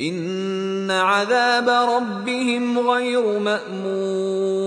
إن عذاب ربهم غير مأمون